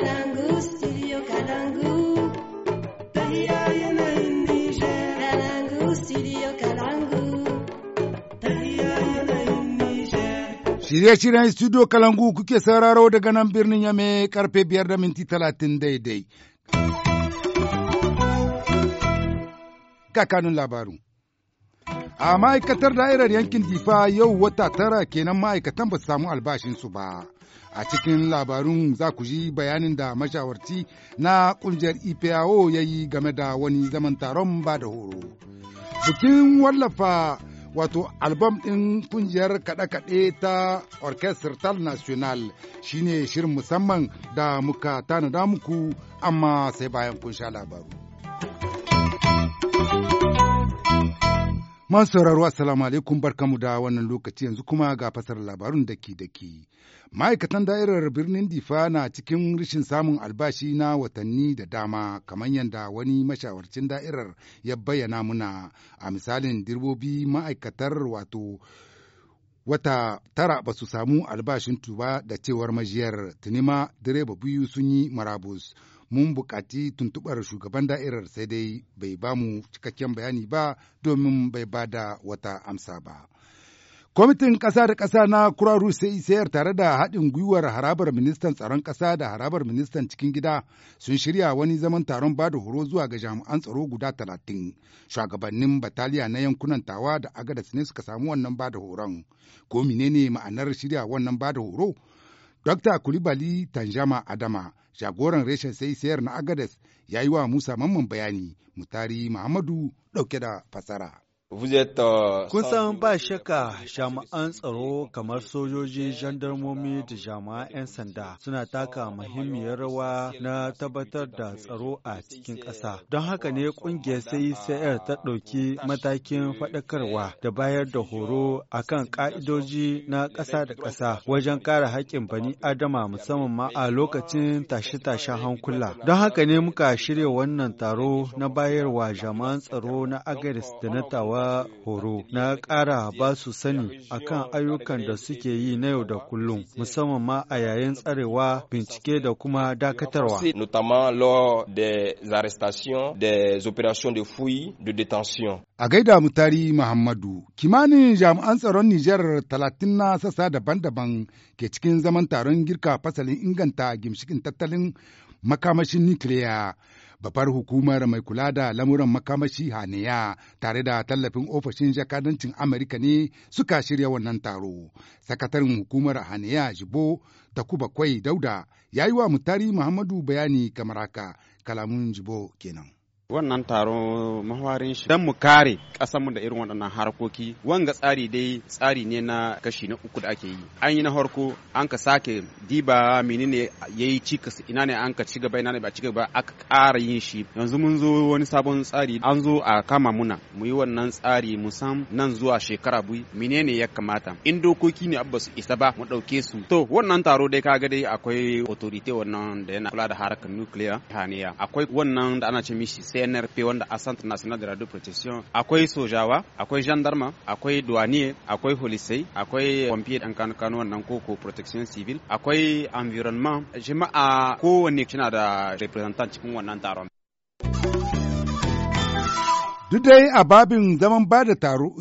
Kalangu, studio Kalangu. Shirye-shiryen studio Kalangu kuke sauraro daga nan birnin Yame karfe biyar da minti talatin daidai. Kakanin labaru. A ma'aikatar da'irar yankin Difa yau wata tara kenan ma'aikatan ba su samu albashinsu ba. A cikin labarun za ku ji bayanin da mashawarci na ƙungiyar IPAO e ya yi game da wani zaman taron ba da horo. Bikin wallafa wato albam ɗin kungiyar kaɗe-kaɗe ta Orchestre Tal National shine shirin musamman da muka tanada muku amma sai bayan kun sha labaru. Man sauraro assalamu alaikum barkamu da wannan lokaci yanzu kuma ga fasar labarun daki daki. Ma'aikatan da'irar birnin Difa na cikin rashin samun albashi na watanni da dama kamar yadda wani mashawarcin da'irar ya bayyana muna a misalin dirbobi ma'aikatar wato wata tara ba su samu albashin tuba da cewar majiyar tunima direba biyu sun yi marabus. mun buƙaci tuntuɓar shugaban da'irar sai dai bai ba mu cikakken bayani ba domin bai ba da wata amsa ba. Kwamitin ƙasa da ƙasa na Kuraru sai sayar tare da haɗin gwiwar harabar ministan tsaron ƙasa da harabar ministan cikin gida sun shirya wani zaman taron ba da horo zuwa ga jami'an tsaro guda talatin. Shugabannin bataliya na yankunan tawa da agadas ne suka samu wannan ba da horon. Ko menene ma'anar shirya wannan ba da horo? Dr. Kulibali Tanjama Adama jagoran reshen sai sayar na agades ya yi wa musa mamman bayani mutari muhammadu dauke da fasara. Kun san ba shakka jami'an tsaro kamar sojoji, jandarmomi da jami'an 'yan sanda suna taka muhimmiyar rawa na tabbatar da tsaro a cikin ƙasa. Don haka ne ƙungiyar CICR ta ɗauki matakin faɗakarwa da bayar da horo a kan ƙa'idoji na ƙasa da ƙasa wajen kare haƙƙin bani Adama musamman ma a lokacin tashe-tashen hankula. Don haka ne muka shirya wannan taro na bayarwa jami'an tsaro na Agaris da na Tawa horo na ƙara ba su sani akan ayyukan da suke yi na yau da kullum, musamman ma a yayin tsarewa, bincike da kuma dakatarwa. des des de de A gaida mutari Muhammadu, kimanin jami'an tsaron Nijar talatin na sassa daban-daban ke cikin zaman taron girka fasalin inganta gimshikin tattalin makamashin nukiliya. babbar hukumar mai kula da lamuran makamashi haniya tare da tallafin ofishin jakadancin amurka ne suka shirya wannan taro sakataren hukumar haniya jibo Takubakwai kwai dauda ya yi wa mutari muhammadu bayani kamar haka kalamun jibo kenan wannan taro mahawarin shi don mu kare ƙasarmu da irin waɗannan harkoki wanga tsari dai tsari ne na kashi na uku da ake yi an yi na harko an ka sake diba ne. ya yi cikas ina ne an ka ci gaba ina ne ba ci gaba aka ƙara yin shi yanzu mun zo wani sabon tsari an zo a kama muna mu yi wannan tsari musam nan zuwa shekara biyu ne ya kamata in dokoki ne abba su isa ba mu ɗauke su to wannan taro dai kaga dai akwai authority wannan da yana kula da harkar nuclear haniya akwai wannan da ana ce mishi PNRP wanda a Centre National de Radio Protection akwai sojawa, akwai gendarme, akwai douanier, akwai holisai, akwai pompier dan kanu kanu wannan koko protection civil, akwai environnement. Jama'a kowanne kina da representant cikin wannan taron. Duk dai a babin zaman ba da taro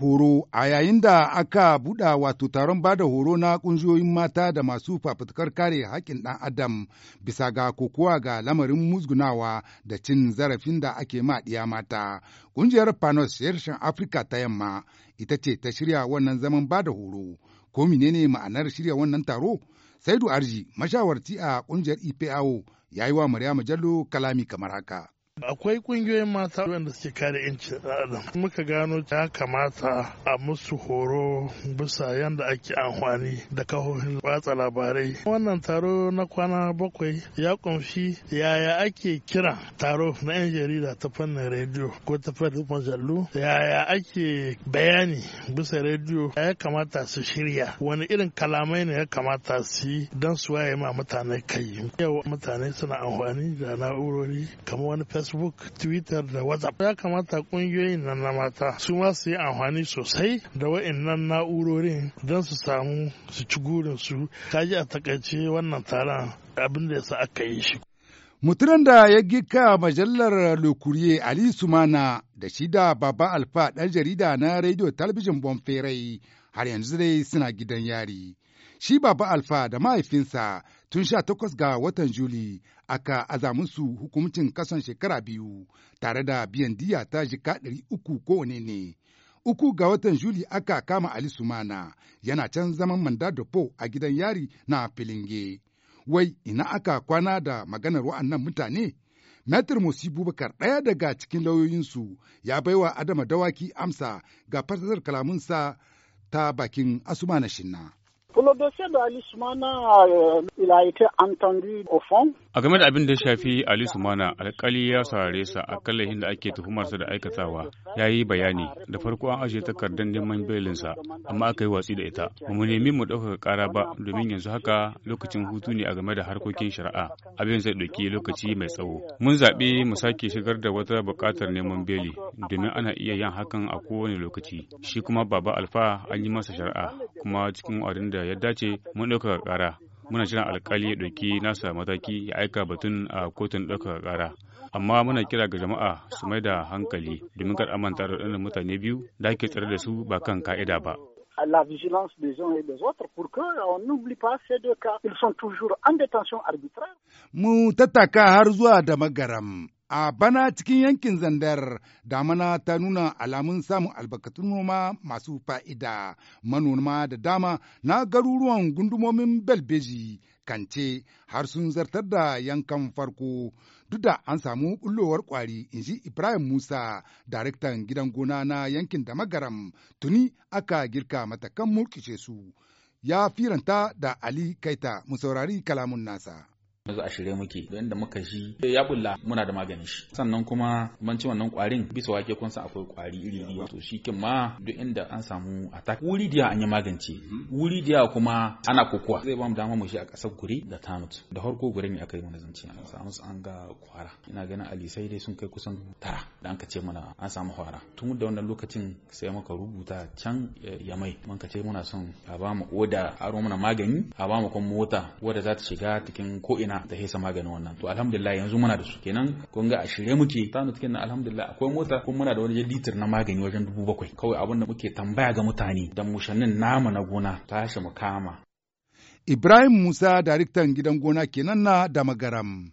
horo a yayin da aka buɗa wato taron bada horo na ƙungiyoyin mata da masu fafutukar kare haƙƙin ɗan adam bisa ga kokowa ga lamarin musgunawa da cin zarafin da ake maɗiya mata ƙungiyar panos yarshen afirka ta yamma ita ce ta shirya wannan zaman bada horo ko menene ma'anar shirya wannan taro saidu arji mashawarci a ƙungiyar ipao ya yi wa maryamu jallo kalami kamar haka akwai kungiyoyin mata wanda suke kare 'yancin adam muka gano ya kamata a musu horo bisa yadda ake amfani da kahohin watsa labarai wannan taro na kwana bakwai ya kunshi yaya ake kira taro na 'yan jarida ta fannin rediyo ko ta fannin majallu yaya ake bayani bisa rediyo ya kamata su shirya wani irin kalamai ne ya kamata su yi don su waye ma mutane kai yau mutane suna amfani da na'urori kamar wani facebook twitter da whatsapp ya kamata kungiyoyin nan na mata su ma su yi amfani sosai da wa'annan na'urorin don su samu su ci gurin su kaji a takaice wannan taron abin da yasa aka yi shi mutumin da ya gika majalar lokuriye ali sumana da shi da baba alfa ɗan jarida na rediyo talabijin bonferai har yanzu dai suna gidan yari shi baba alfa da mahaifinsa tun sha takwas ga watan Juli aka azaminsu hukumcin kasan shekara biyu tare da biyan diya ta jika ɗari uku kowane ne. Uku ga watan Juli aka kama Ali Sumana yana can zaman manda po a gidan yari na Filinge. Wai ina aka kwana da maganar wa'annan mutane? Matar Musi Bubakar ɗaya daga cikin lauyoyinsu ya baiwa Adama Dawaki amsa ga fasarar kalamunsa ta bakin Asumana na Shinna. Pour le dossier d'Ali Soumana, euh, il a été entendu au fond. A game da abin da ya shafi Ali Sumana, alkali ya saurare sa a kan da ake tuhumarsa da aikatawa. Ya yi bayani, da farko an ajiye takardar neman sa amma aka yi watsi da ita. Ba mu nemi mu ɗaukaka ƙara ba, domin yanzu haka lokacin hutu ne a game da harkokin shari'a. Abin zai ɗauki lokaci mai tsawo. Mun zaɓi mu sake shigar da wata buƙatar neman beli, domin ana iya yin hakan a kowane lokaci. Shi kuma Baba Alfa an yi masa shari'a, kuma cikin wadanda ya dace mun ɗaukaka ƙara muna jiran alkali ya ɗauki nasa mataki ya aika batun a kotun ɗaukaka ƙara amma muna kira ga jama'a su mai da hankali domin kar amanta da waɗannan mutane biyu da ake tsare da su ba kan ka'ida ba à la vigilance des uns et des autres pour euh, on n'oublie pas ces deux cas. Ils sont toujours en détention arbitraire. Mu tattaka har zuwa da magaram. A bana cikin yankin zandar damana ta nuna alamun samun albarkatun noma masu fa'ida manoma da dama na garuruwan gundumomin belbeji kance har sun zartar da yankan farko duk da an samu bullowar kwari in ji Ibrahim Musa daraktan gidan gona na yankin da magaram tuni aka girka matakan murkice su ya firanta da Ali Kaita mu saurari kalamun nasa. yanzu a shirye muke da inda muka shi ya bulla muna da maganin shi sannan kuma banci wannan kwarin bisa wake kun san akwai kwari iri iri. to shi kin ma duk inda an samu attack wuri diya an yi magance wuri diya kuma ana kokowa zai ba mu dama mu shi a kasar guri da tanut da harko gurin ne kai yi mana zance an samu an ga kwara ina ganin alisai dai sun kai kusan tara da an ka ce mana an samu kwara tun da wannan lokacin sai muka rubuta can eh, mai mun ka ce muna son a ba mu oda aro mana magani a ba mu kuma mota wadda za ta shiga cikin ko ina da ta hesa maganin wannan to alhamdulillah yanzu muna da su kenan kun ga a shirye muke ta cikin alhamdulillah akwai mota kun muna da wani litir na magani wajen dubu bakwai kawai abin da muke tambaya ga mutane da mushannin nama na gona tashi mu kama Ibrahim Musa daraktan gidan gona kenan na da magaram.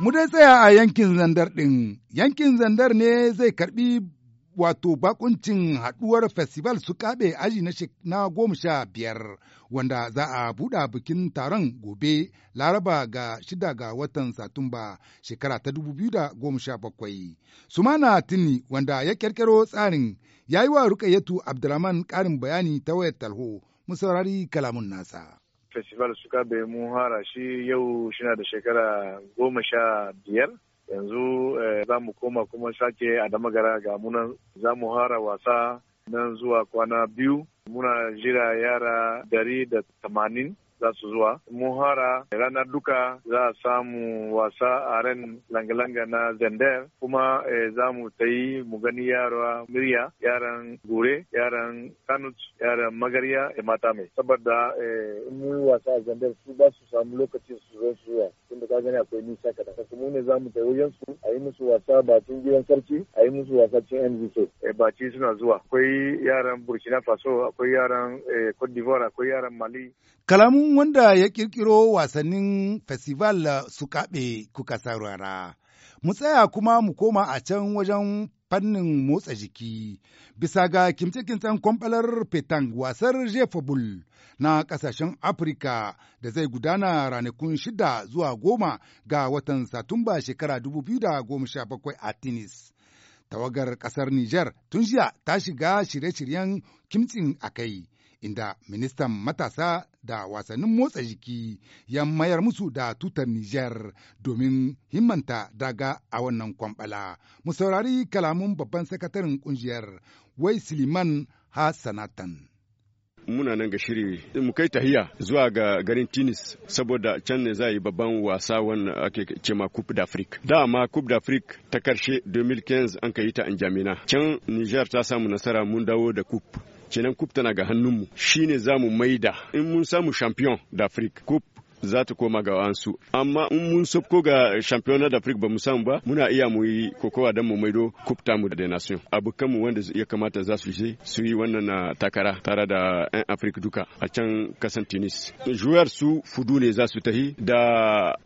Mu dai tsaya a yankin zandar ɗin, yankin zandar ne zai karɓi wato bakuncin haɗuwar festival su kaɓe aji na goma sha biyar wanda za a buɗa bikin taron gobe laraba ga shida ga watan satumba shekara ta dubu biyu da goma sha bakwai. Sumana Tini wanda ya ƙirƙiro tsarin ya yi wa Rukayyatu Abdulrahman ƙarin bayani ta wayar talho mu saurari kalamun nasa. Festival Su bai mu hara shi yau shina da shekara goma sha biyar yanzu eh, za mu koma kuma sake a damagara ga munan za mu hara wasa nan zuwa kwana biyu muna jira yara dari da tamanin za su zuwa. Muhara ranar duka za a samu wasa a ran langa na Zender kuma eh, za mu ta yi mu gani yara Mirya, yaran Gure, yaran Kanut, yaran Magarya da mata mai. Saboda eh, mu wasa a Zandar su ba su samu lokaci su zo su zuwa. Tunda ka gani akwai nisa ka Kasu mu ne za mu ta wajen su a yi musu wasa bakin gidan sarki a yi musu wasa cin MVC. Eh, ci suna zuwa. Akwai yaran Burkina Faso, akwai yaran Cote d'Ivoire, akwai yaran Mali. Kalamu Batun wanda ya ƙirƙiro wasannin festival su kaɓe kuka saurara. Mu tsaya kuma mu koma a can wajen fannin motsa jiki bisa ga kimce-kimcen kwamfalar petang wasar jefa bul na ƙasashen afirka da zai gudana ranakun shida zuwa goma ga watan satumba shekara 2017 a tunis tawagar ƙasar Nijar tun jiya ta shiga shirye-shiryen kimcin a kai inda ministan matasa da wasannin motsa jiki ya mayar musu da tutar Nijar domin himmanta daga a wannan kwambala. Mu saurari kalamun babban sakataren kungiyar wai Siliman Hassanatan. muna nan ga shiri mu kai tahiya zuwa ga garin Tunis saboda can ne za yi babban wasa wannan ake cema Coupe d'Afrique. ma Coupe d'Afrique ta karshe 2015 an ka yi ta Anjamina. Can Niger ta samu nasara mun dawo da Coupe. kenan kup tana ga hannunmu shine zamu mu maida in mun samu champion d'afrique afrique kup za ta koma ga wansu amma in mun sabko ga championnat d'afrique ba mu samu ba muna iya mu yi kokowa don mu maido ta mu da nation abu mu wanda ya kamata za su je su yi wannan ah, takara tare da yan afrique duka a can kasan tunis joueur su fudu ne za su tahi da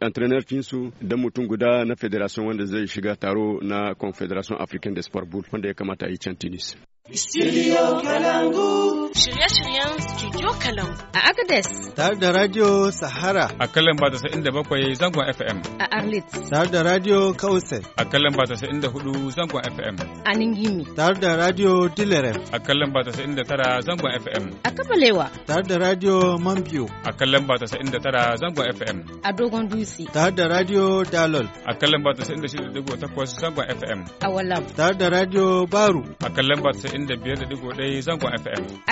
entraîneur su da mutum guda na federation wanda zai shiga taro na confederation africaine de sport bull wanda ya kamata yi can tunis Studio Kalangu. shirye-shiryen Studio Kalam a Agadez. Tare da Radio Sahara. A kalan ba da bakwai zangon FM. A Arlit. Tare da Radio Kausai. A kalan ba da hudu zangon FM. A Ningimi. Tare da Radio Dilerem. A kalan ba da tara zangon FM. A Kabalewa. Tare da Radio Mambiyo. A kalan ba da tara zangon FM. A Dogon Dutse. Tare da Radio Dalol. A kalan ba da takwas zangon FM. A Walam. Tare da Radio Baru. A kalan ba da biyar da zangon FM.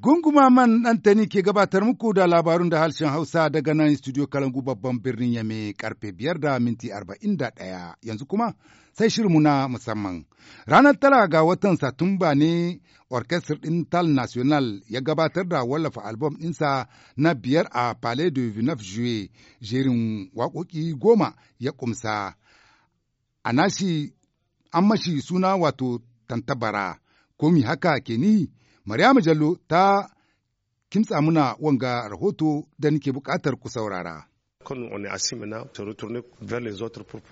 Gunguma man ɗantani ke gabatar muku da labarun da harshen Hausa daga nan studio Kalangu babban birnin Yame karfe biyar da minti arba'in da ɗaya yanzu kuma sai shirmu na musamman. Ranar tara ga watan Satumba ne Orkestar ɗin Tal National ya gabatar da wallafa albam ɗinsa na biyar a Palais de Vinaf Jouet jerin waƙoƙi goma ya ƙumsa. A nashi an mashi suna wato tantabara, komi haka ke ni? Maryamu Jallo ta kintsa muna wanga rahoto da nake buƙatar ku saurara.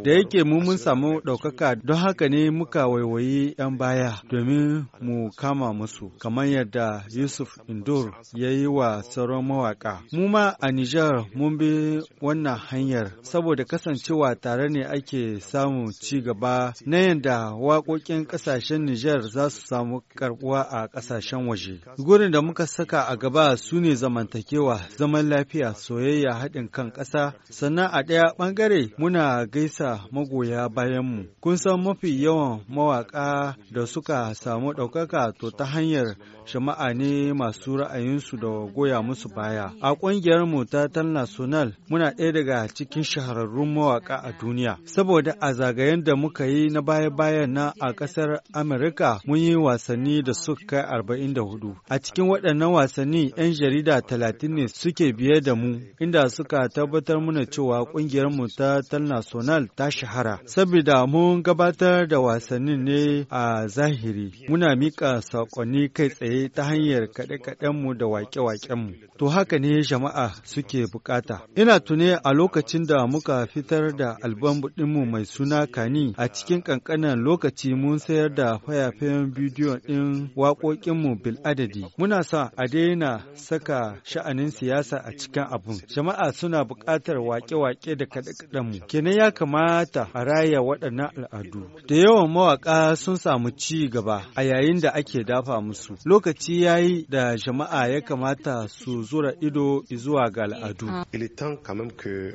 Da yake mu mun samu ɗaukaka don haka ne muka waiwayi 'yan baya domin mu kama musu, kamar yadda Yusuf Indur ya yi wa sauran mawaka. Mu ma a Nijar mun bi wannan hanyar saboda kasancewa tare ne ake samu ci gaba na yadda waƙoƙin ƙasashen Nijar za su samu karɓuwa a ƙasashen waje. Gurin da muka saka a gaba su ne zamantakewa, zaman lafiya, soyayya, haɗin kan ƙasa sannan a ɗaya ɓangare muna gaisa magoya bayanmu. Kun san mafi yawan mawaƙa da suka samu ɗaukaka to ta hanyar shama'a ne masu ra'ayinsu da goya musu baya. A ƙungiyarmu ta Tannasonal muna ɗaya daga cikin shahararrun mawaƙa a duniya. Saboda a zagayen da muka yi na baya-bayan na a ƙasar Amurka mun yi wasanni da suka kai arba'in da hudu. A cikin waɗannan wasanni 'yan jarida talatin ne suke biye da mu inda suka tabbatar tabbatar mana cewa ƙungiyarmu ta Talnational ta shahara, saboda mun gabatar da wasannin ne a zahiri. Muna miƙa saƙonni kai tsaye ta hanyar kaɗe-kaɗenmu da waƙe-waƙenmu. To haka ne jama'a suke bukata. Ina tune a lokacin da muka fitar da albam mu mai suna Kani a cikin ƙanƙanan lokaci mun sayar da fayafayen bidiyo ɗin waƙoƙinmu bil adadi. Muna sa a daina saka sha'anin siyasa a cikin abun. Jama'a suna buƙatar buƙatar waƙe-waƙe da kaɗe-kaɗen mu. Kenan ya kamata a raya waɗannan al'adu. Da yawan mawaƙa sun samu ci gaba a yayin da ake dafa musu. Lokaci ya yi da jama'a ya kamata su zura ido zuwa ga al'adu. Il est temps quand même que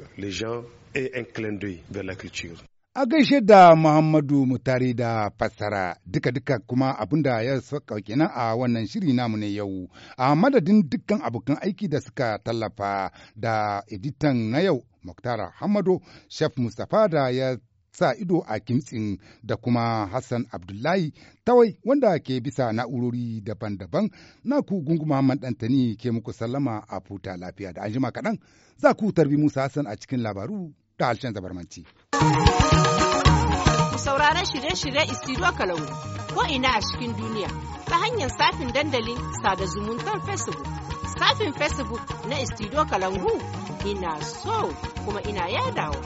A gaishe da Muhammadu Mutari da fassara duka-duka kuma abinda ya sauka kenan a wannan shiri namu ne yau, a madadin dukkan abokan aiki da suka tallafa da editan na yau Muktara Hamado, Chef Mustapha da ya sa ido a kimtsin da kuma Hassan Abdullahi tawai wanda ke bisa na'urori daban-daban na ku gungu Muhammad Dantani ke muku sallama a futa lafiya da anjima kaɗan za ku tarbi Musa Hassan a cikin labaru da harshen zabarmanci. sauraron shirye-shirye Isidro Kalangu ko ina a cikin duniya ta hanyar safin dandalin sada zumuntar Facebook. Safin Facebook na Isidro Kalangu ina so kuma ina yadawa.